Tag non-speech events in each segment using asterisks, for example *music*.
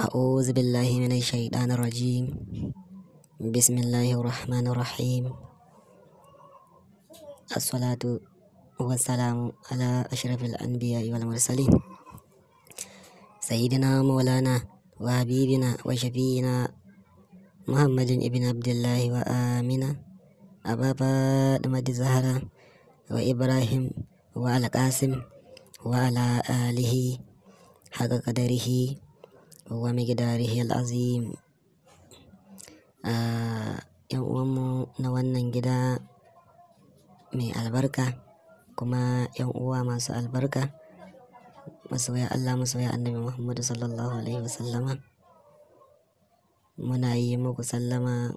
أعوذ بالله من الشيطان الرجيم بسم الله الرحمن الرحيم الصلاة والسلام على أشرف الأنبياء والمرسلين سيدنا مولانا وحبيبنا وشفينا محمد ابن عبد الله وآمنا أبا فاطمة الزهرة وإبراهيم وعلى قاسم وعلى آله حق قدره gida Hill Azim. Ah, 'yan uwanmu na wannan gida mai albarka kuma 'yan uwa masu albarka. Masoya Allah, masoya Annabi Muhammadu Sallallahu Alaihi Wasallama. Muna yi muku sallama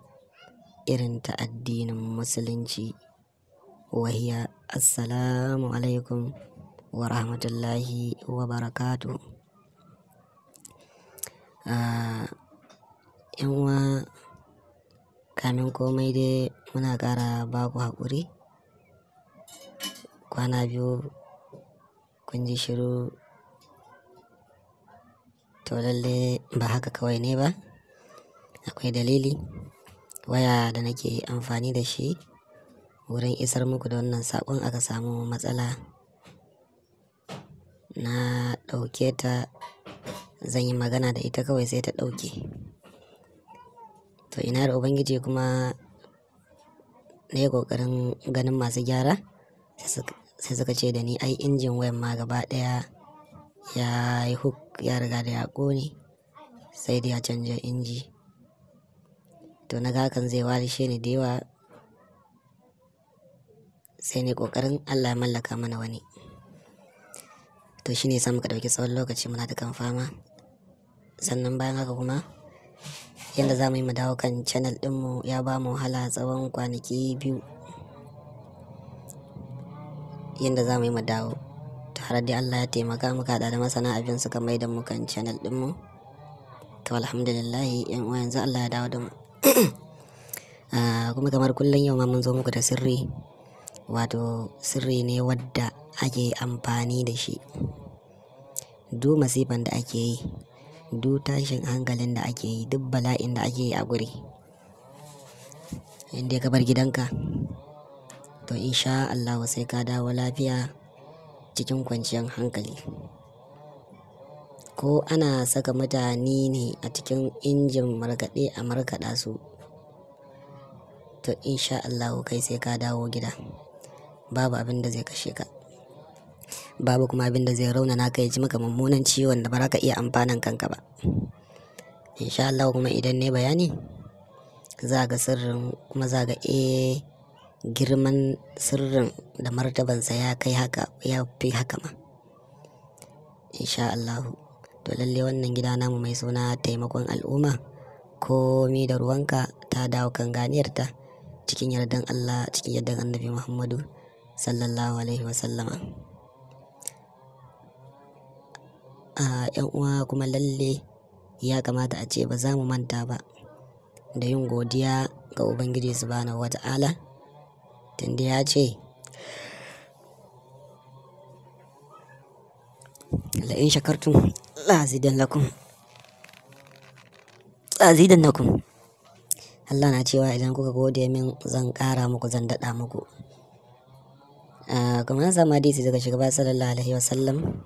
irin ta addinin Musulunci. Wahiya Assalamu alaikum wa rahmatullahi wa barakatuh. Ah, 'yan uwa kamin komai dai muna kara ba ku haƙuri. Kwana biyu kun ji shiru to lalle ba haka kawai ne ba. Akwai dalili. Waya da nake amfani da shi wurin isar muku da wannan saƙon aka samu matsala. Na ɗauke ta. zan yi magana da ita kawai sai ta ɗauke to ina da ubangiji kuma na yi ƙoƙarin ganin masu gyara sai suka ce da ni ai injin wayan ma gaba ɗaya ya yi huk ya riga da ya ƙone sai dai ya canja inji to na ga hakan zai walishe ni da yawa sai ne ƙoƙarin allah ya mallaka mana wani to ne samu ka ɗauki tsawon lokaci muna da kan fama sannan bayan haka kuma yadda za mu yi mu dawo kan channel ɗinmu ya ba mu wahala tsawon kwanaki biyu yadda za mu yi mu dawo tare da Allah ya taimaka muka da masana abin suka mai da mu kan channel ɗinmu to alhamdulillah yan uwa yanzu Allah ya dawo da mu *clears throat* ah, kuma kamar kullum yau ma mun zo muku da sirri wato sirri ne wadda ake amfani da shi. Du masifan da ake yi, du tashin hankalin da ake yi, duk bala'in da ake yi a guri. inda ka bar gidanka, to in sha sai ka dawo lafiya cikin kwanciyar hankali. Ko ana saka mutane ne a cikin injin markaɗe a markaɗa su, to in sha Allahu kai sai ka dawo gida. Babu abin da zai kashe ka. babu kuma abin da zai rauna naka ya ji maka mummunan ciwon da ba za ka iya amfanan kanka ba insha Allah kuma idan ne bayani za ga sirrin kuma za ga eh girman sirrin da martaban sa ya kai haka ya fi haka ma insha Allah to lalle wannan gida namu mai suna taimakon al'umma komi da ruwanka ta dawo kan ganiyarta cikin yardan Allah cikin yardan annabi Muhammadu sallallahu alaihi wasallama a yan uwa kuma lalle ya kamata a ce ba za mu manta ba da yin godiya ga ubangiji subhanahu wata'ala tunda ya ce la'in shakartun lazidan lakum lazidan lakum Allah na cewa idan kuka gode min zan ƙara muku zan daɗa muku kamar sama hadisi daga shugaba sallallahu alaihi wasallam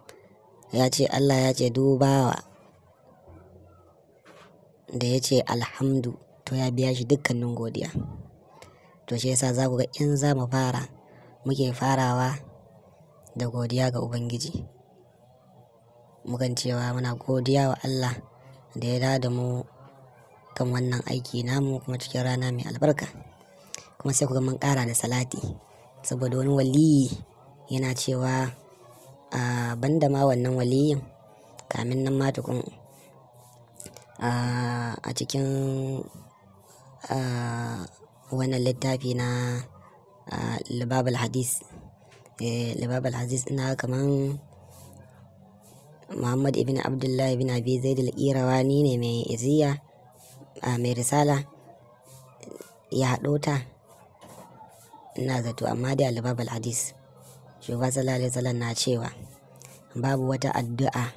ya ce Allah ya ce dubawa da ya ce alhamdu to ya biya shi dukkanin godiya to shi yasa za ku ga in za mu fara muke farawa da godiya ga ubangiji mukan cewa muna godiya wa Allah da ya da mu kan wannan aiki namu kuma cikin rana mai albarka kuma sai ku ga mun kara da salati saboda wani waliyi yana cewa a banda ma wannan waliyin kamin nan ma tukun a cikin wannan littafi na libabal hadis eh, libabal hadis na kaman muhammad ibn abdullahi ibn abi zaid al ni ne mai iziya mai risala ya haɗo ta ina zato amma da libabal hadis shugaba sallallahu zalan na cewa babu wata addu'a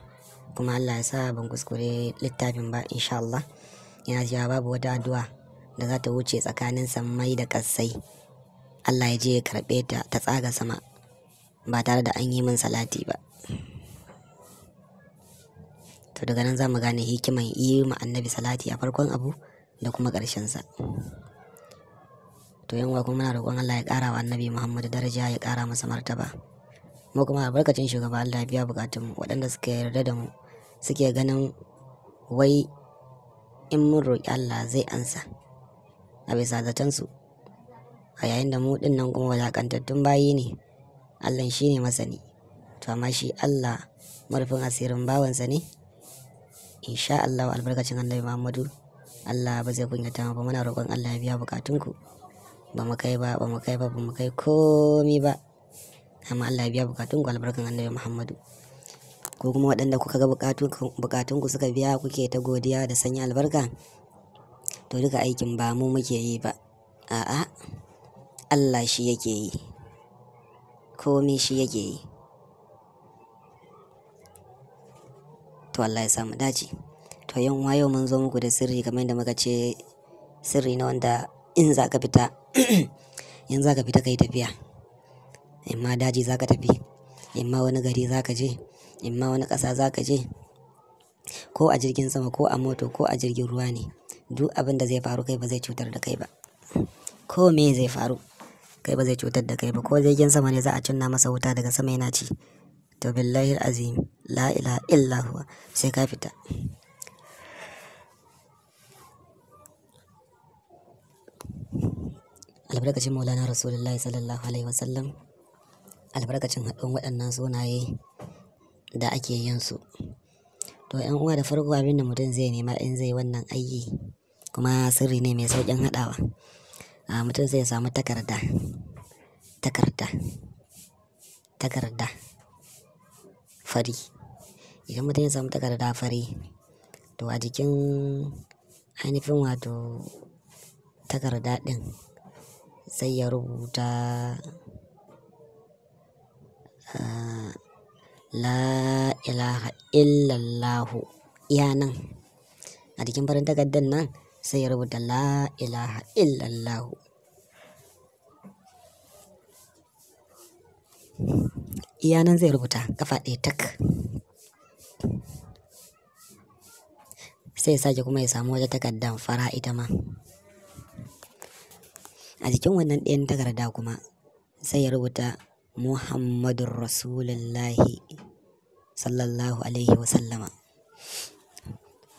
kuma Allah ya sa ban kuskure littafin ba insha Allah yana cewa babu wata addu'a da za ta wuce tsakanin sammai da kasai Allah ya je ya karɓe ta ta tsaga sama ba tare da an yi min salati ba to daga nan za mu gane hikimar yi ma annabi salati a farkon abu da kuma ƙarshensa. sa to yan uwa kuma muna roƙon Allah ya ƙara wa annabi Muhammadu daraja ya ƙara masa martaba mu kuma albarkacin shugaba Allah ya biya bukatun mu waɗanda suka yarda da mu suke ganin wai in mun roƙi Allah zai ansa a bisa su. a yayin da mu ɗin nan kuma wadaƙantattun bayi ne Allah shi ne masani to amma shi Allah marfin asirin bawansa ne insha Allah albarkacin annabi Muhammadu Allah ba zai kunyata ba muna roƙon Allah ya biya bukatunku ba mu kai ba ba mu kai ba ba mu kai komi ba amma Allah ya biya bukatun ku albarkan annabi Muhammadu ko kuma waɗanda kuka ga bukatun ku suka biya kuke ta godiya da sanya albarka to duka aikin ba mu muke yi ba a'a Allah shi yake yi komi shi yake yi to Allah ya samu dace to yan yau mun zo muku da sirri kamar yadda muka ce sirri na wanda in za ka fita *clears throat* in za ka fita ka yi tafiya. In ma daji za ka tafi, in ma wani gari za ka je, in ma wani ƙasa za ka je ko a jirgin sama ko a moto ko a jirgin ruwa ne, duk abin da zai faru kai ba zai cutar da kai ba. Ko me zai faru kai ba zai cutar da kai ba. Ko jirgin sama ne za a cinna masa wuta daga sama yana ci. To billahi azim la ilaha illa huwa sai ka fita. albarkacin maulana rasulullahi sallallahu alaihi wasallam albarkacin haɗin waɗannan sunaye da ake yin su to yan uwa da farko abin da mutum zai nema in zai wannan aiki kuma sirri ne mai sauƙin haɗawa mutum zai samu takarda takarda takarda fari idan mutum ya samu takarda fari to a jikin ainihin wato takarda ɗin sai ya rubuta ah, la ilaha illallahu iya nan a jikin farin takardar nan sai ya rubuta la ilaha illallahu iya nan zai rubuta kafa ɗaya tak sai ya sake kuma ya samu wata takardar fara ita ma a jikin wannan ɗayan takarda kuma sai ya rubuta Muhammadun Rasulullahi sallallahu alaihi wasallama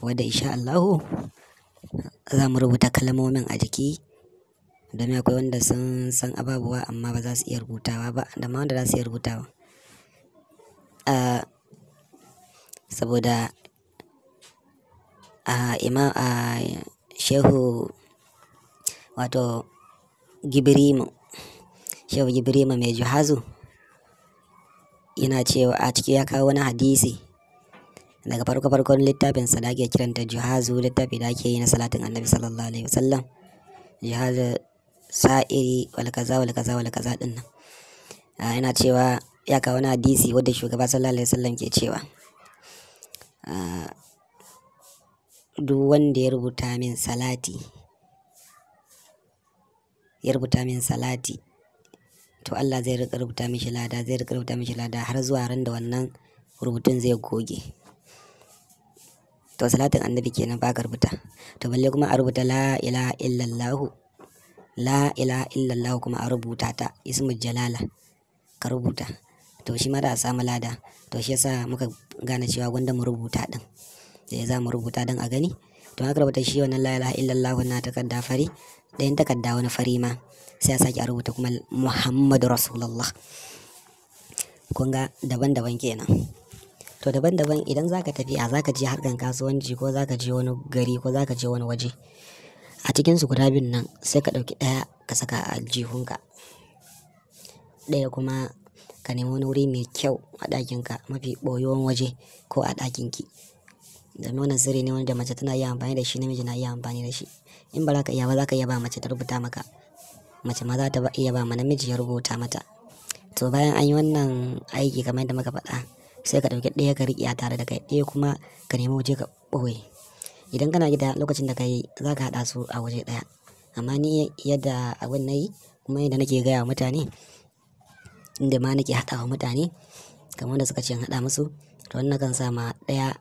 wadda insha Allahu za mu rubuta kalmomin a jiki domin akwai wanda sun san ababuwa amma ba za su iya rubutawa ba da ma wanda za su iya rubutawa saboda imam shehu wato Gibrimu, Shehu Gibrimu mai juhazu yana cewa a ciki ya kawo wani hadisi daga farko farkon littafin sa da ake kiranta juhazu littafi da ake yi na salatin annabi sallallahu alaihi wasallam juhazu sa'iri wal kaza wal kaza wal kaza din nan yana cewa ya kawo wani hadisi wanda shugaba sallallahu alaihi wasallam ke cewa duk wanda ya rubuta min salati ya rubuta min salati to Allah zai rika rubuta mishi lada zai rika rubuta mishi lada har zuwa ran da wannan rubutun zai goge to salatin annabi kenan ba ka rubuta to balle kuma a rubuta la ilaha illallah la ilaha illallah kuma a rubuta ta ismu jalala ka rubuta to shi ma da a samu lada to shi yasa muka gane cewa gwanda mu rubuta din da ya za mu rubuta don a gani to haka rubuta shi wannan la ilaha illallah na takarda fari yin takarda wani fari ma sai a sake a rubuta kuma muhammadu rasulullah kun ga daban-daban kenan to daban-daban idan za ka tafiya za ka je harkar kasuwanci ko za ka je wani gari ko za ka je wani waje a cikin su guda biyun nan sai ka ɗauki ɗaya ka saka a jihunka ɗaya kuma ka nemi wani wuri mai kyau a ɗakinka mafi ɓoyuwan waje ko a ɗakinki domin wannan sirri ne wanda mace tana yi amfani da shi namiji na iya amfani da shi in ba za ka iya ba za ka iya ba mace ta rubuta maka mace ma za ta iya ba ma namiji ya rubuta mata to bayan an yi wannan aiki kamar yadda muka faɗa sai ka ɗauki ɗaya ka riƙe tare da kai ɗaya kuma ka nemi waje ka ɓoye idan kana gida lokacin da ka yi za ka haɗa su a waje ɗaya amma ni yadda abin na yi kuma yadda nake gaya wa mutane inda ma nake haɗa wa mutane kamar da suka ce haɗa musu to wannan kan sa ma ɗaya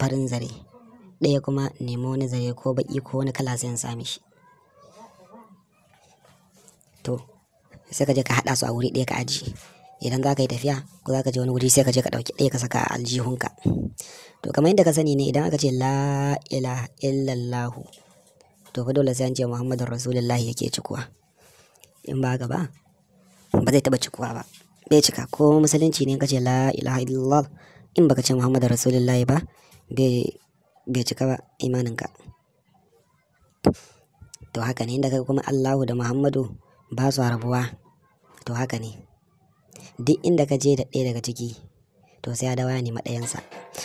farin zare ɗaya kuma nemo wani zare ko baƙi ko wani kala sai sami shi to sai ka je ka haɗa su a wuri ɗaya ka aji idan za ka yi tafiya ko za ka je wani wuri sai ka je ka ɗauki ɗaya ka saka a aljihunka to kamar yadda ka sani ne idan aka ce la ilaha illallahu to fa dole sai an ce muhammadun rasulullahi yake cikuwa in ba haka ba ba zai taɓa cikuwa ba bai cika ko musulunci ne ka ce la ilaha illallah in baka ce muhammadun rasulullahi ba bai bai cika ba imaninka to haka ne inda kai kuma Allahu da Muhammadu ba su rabuwa to haka ne duk inda ka je da ɗaya daga ciki to sai ya dawo ya nema ɗayansa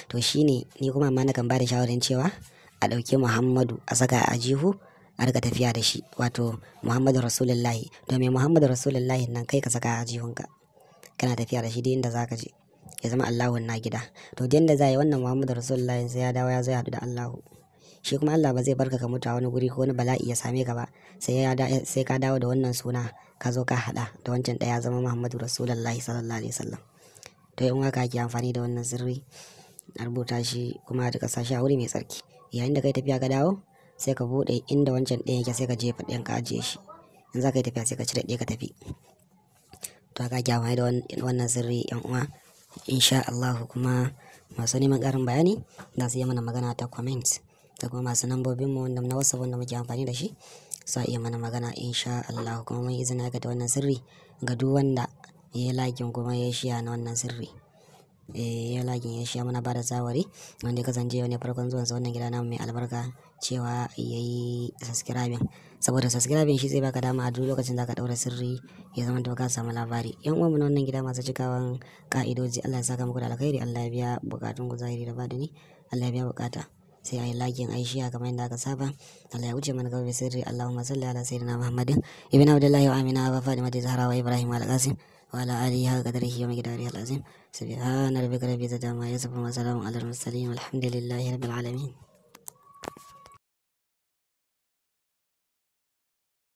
to shine ni kuma amma kan ba da shawarin cewa a ɗauki Muhammadu a saka a jihu a riga tafiya da shi wato muhammadu rasulullahi domin muhammadu rasulullahi nan kai ka saka a jihunka kana tafiya da shi duk inda zaka je ya zama Allahun na gida to da zai yi wannan Muhammadu rasulullah yanzu ya dawo ya zo ya haɗu da Allahu shi kuma Allah ba zai barka ka mutu a wani guri ko wani bala'i ya same ka ba sai ya sai ka dawo da wannan suna ka zo ka haɗa da wancan ɗaya zama Muhammadu rasulullah sallallahu alaihi wasallam to yan waka ake amfani da wannan sirri a rubuta shi kuma da kasashe a wuri mai tsarki yayin da kai tafiya ka dawo sai ka buɗe inda wancan ɗaya yake sai ka jefa ɗayan ka ajiye shi in za ka yi tafiya sai ka cire ɗaya ka tafi to haka ake amfani da wannan sirri yan uwa insha Allahu kuma masu neman ƙarin bayani za su yi mana magana ta comment da kuma masu nambobin mu wanda na wasu wanda muke amfani da shi za iya mana magana insha Allahu kuma mun izina ga da wannan sirri ga duk wanda ya lakin kuma ya shiya na wannan sirri eh ya lakin ya shiya mana bada zawari wanda ya kasance ne farkon zuwansa wannan gida namu mai albarka cewa yayi subscribing saboda subscribing shi zai baka dama a duk lokacin da ka daura sirri ya zama ka samu labari yan uwa mu na wannan gida masu cikawan ka'idoji Allah ya saka muku da alkhairi Allah ya biya bukatun ku zahiri da badani Allah ya biya bukata sai ayi lakin aishiya shiya kamar yadda aka saba Allah ya wuce mana gaba bai sirri Allahumma salli ala sayyidina Muhammadin ibn Abdullah wa Amina wa da Zahra wa Ibrahim al Qasim wa ala alihi wa qadrihi wa miqdarihi al azim subhana rabbika rabbil izzati amma yasifun wa salamun ala al mursalin walhamdulillahi rabbil alamin